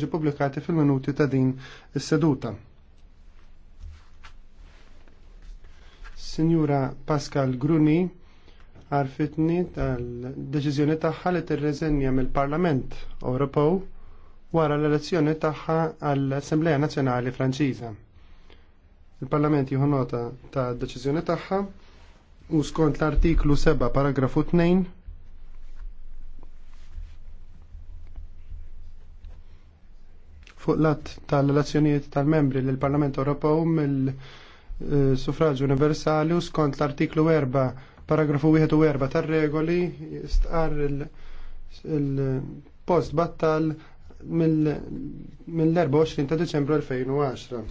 ġi publikati fil-minuti ta' din is-seduta. Sinjura Pascal Gruni għarfitni tal-deċiżjoni tagħha li tirreżenja mill-Parlament Ewropew wara l-elezzjoni tagħha għall-Assembleja Nazzjonali Franċiża. Il-Parlament jieħu nota ta' deċiżjoni tagħha u skont l-artiklu 7 paragrafu 2 fuq lat tal-relazzjonijiet tal-membri l parlament Ewropew mill-suffraġġ universali u skont l-artiklu 4 paragrafu 1 tar-regoli stqar il-post battal mill-24 ta' Deċembru 2010.